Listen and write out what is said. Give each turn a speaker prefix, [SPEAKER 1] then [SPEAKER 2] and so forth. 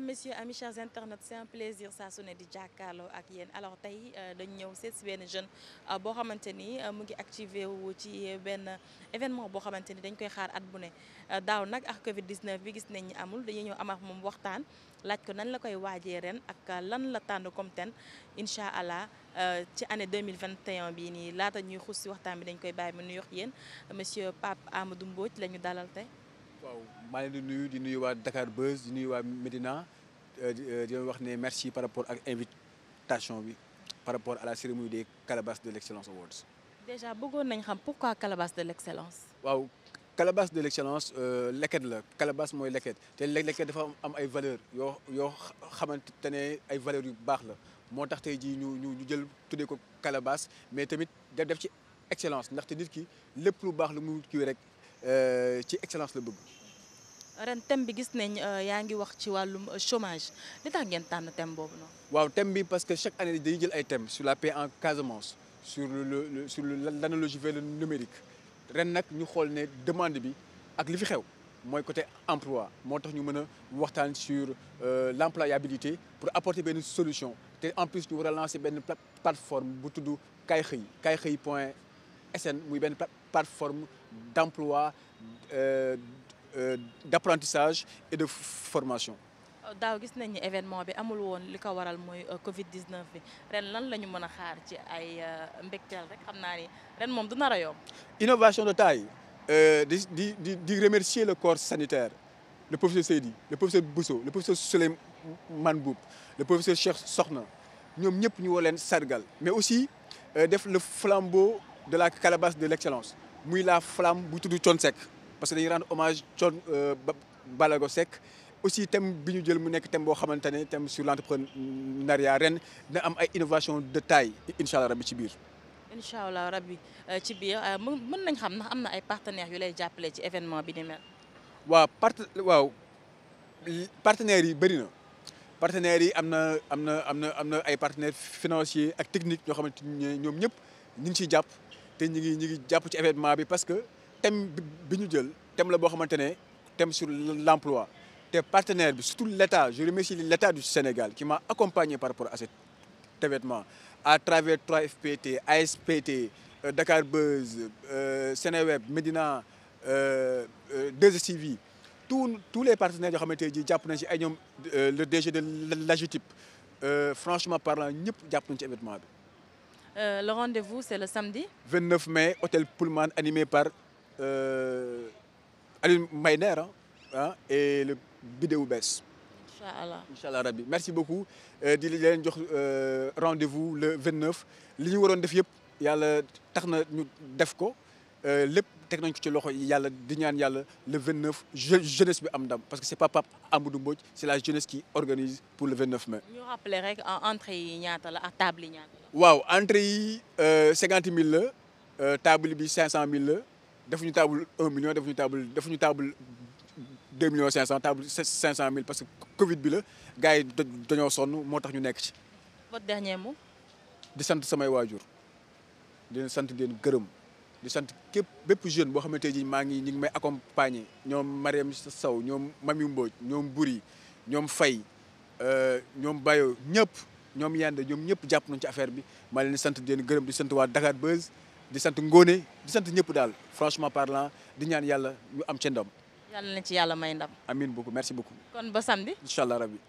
[SPEAKER 1] mesdames messieurs amis chers internautes c'est plaisir saa su ne di jàkkaarloo ak yéen alors tey euh, dañu ñëw seet si benn jeune euh, boo xamante nii euh, mu ngi activé wu ci benn événement boo xamante ni dañ koy xaar at bu ne daaw nag ak Covid 19 bi gis nañ ñi amul dañuy ñëw am moom waxtaan laaj ko nan la koy waajee ren ak lan la tànn comme ten incha allah ci année 2021 bii nii laata ñuy xuus si waxtaan bi dañ koy bàyyi mu yox yéen monsieur Pape Amadou Mbodj la ñu dalal tey.
[SPEAKER 2] waaw maa leen di nuyu di nuyu waa Dakar Buzz di nuyu waa Médina euh, di euh, wax ne merci par rapport ak invitation bi par rapport à la cérémonie de Calabasses de l'Excellence Awards.
[SPEAKER 1] déjà bëggoon nañ xam pourquoi Calabasses de l'Excellence.
[SPEAKER 2] waaw Calabasses de l'Excellence euh, leket la Calabasses mooy leket te leket dafa am ay valeurs yoo yoo xamante ne ay valeurs yu baax la moo tax tey jii ñu ñu ñu jël tuddee ko Calabasses mais tamit def ci excellence ndaxte nit ki lépp lu baax lu mu kii rek. Euh, ci excellence la bëgg. ren
[SPEAKER 1] thème bi gis nañ euh, yaa ngi wax ci wàllu euh, chômage li tax ngeen tànn thème boobu noonu.
[SPEAKER 2] waaw thème bi parce que chaque année dañuy jël ay thèmes su la paix en Casamance su le sur l'analogie vers le numérique ren nag ñu xool ne demande bi ak li fi xew mooy côté emploi moo tax ñu mën a waxtaan sur l'employabilité pour apporté benn solution te en plus ñu war a lancer benn plateforme bu tudd Kaay Xëy Kaay Xëy point. SN muy benn plateforme d' emploi euh, euh, d' apprentissage et de formation.
[SPEAKER 1] daaw gis nañ ni événement bi amul woon li ko waral mooy euh, Covid 19 bi ren lan la ñu mën a xaar ci ay mbégteel rek xam naa ni ren moom du nar a yomb.
[SPEAKER 2] innovation de taille di di di di remercier le corps sanitaire le professeur Seydi le professeur Bousso le professeur Souleymane Boub le professeur Cheikh Sokhna ñoom ñëpp ñu woleen leen sargal mais aussi def le flambeau. de la calebasse de l' excellence muy la flamme bu tudd Thione Seck parce que dañuy rendre hommage Thione euh, Ballago Seck aussi thème bi ñu jël mu nekk thème boo xamante ne thème sur l' entrepreneuriat ren dina am ay innovation de taille incha allah rabbi ci biir.
[SPEAKER 1] incha allah rabbi euh, ci biir euh, mën nañ xam ndax am na ay partenaires yu lay jàppale ci événement bi ni mel.
[SPEAKER 2] waaw part waaw yi bëri na. partenaires yi am na am na am na am na ay partenaires financier ak techniques ñoo xamante ne ñoom ñëpp ñu ngi ciy jàpp. te ñu ngi ñu ngi jàpp ci événement bi parce que thème bi ñu jël thème la boo xamante ne thème sur l'emploi te partenaire bi surtout l'État je remercie l'État du Sénégal qui m'a accompagné par rapport à cet événement à travers 3FPT ASPT euh, Dakar Buzz euh, Seneweb Medina 2STV euh, tous tous les partenaires yoo xamante ji jàpp nañ ci ay ñoom le DG de l'AGETIP franchement parlant ñëpp jàpp nañ ci événement bi
[SPEAKER 1] Euh, le rendez-vous, c'est le samedi
[SPEAKER 2] 29 mai, hôtel Pullman, animé par euh, Aline Maïner hein, hein, et le vidéo Bess. Inch'Allah. Inch'Allah Rabbi. Merci beaucoup. Euh, di leen jox euh, rendez-vous le 29. Li ñu waroon def yëpp yàlla tax na ñu def ko euh, lépp. teg nañ ko ci loxo yàlla di ñaan yàlla le 29 je jeunesse bi am ndam parce que c' est pas Pape Amadou Mbodj c' est la jeunesse qui organise pour le 29 mai. ñu
[SPEAKER 1] rappelé rek yi ñaata la ak table yi ñaata
[SPEAKER 2] la. waaw entrée yi euh, la euh, table bi 500 000 ñu defuñu table 1 million defuñu table defuñu table 2 millions cinq table 500 000 parce que Covid bi la gars yi dañoo sonn moo tax ñu nekk ci.
[SPEAKER 1] votre dernier mot.
[SPEAKER 2] di sant samay waajur di sant di gërëm. di sant képp bépp jeune boo xamante ji maa ngi ñu ngi may accompagner ñoom Mariam saw ñoom Mami Mbodj ñoom Buri ñoom Fay euh, ñoom Bayo ñëpp ñoom Yande ñoom ñëpp jàpp nañu ci affaire bi ma leen sant di leen gërëm di sant waa Dakar Buzz di sant ngoone di sant ñëpp daal franchement parlant di ñaan yàlla ñu am ci ndam.
[SPEAKER 1] yàlla na ci yàlla may ndam.
[SPEAKER 2] amiin beaucoup merci beaucoup. kon ba samedi.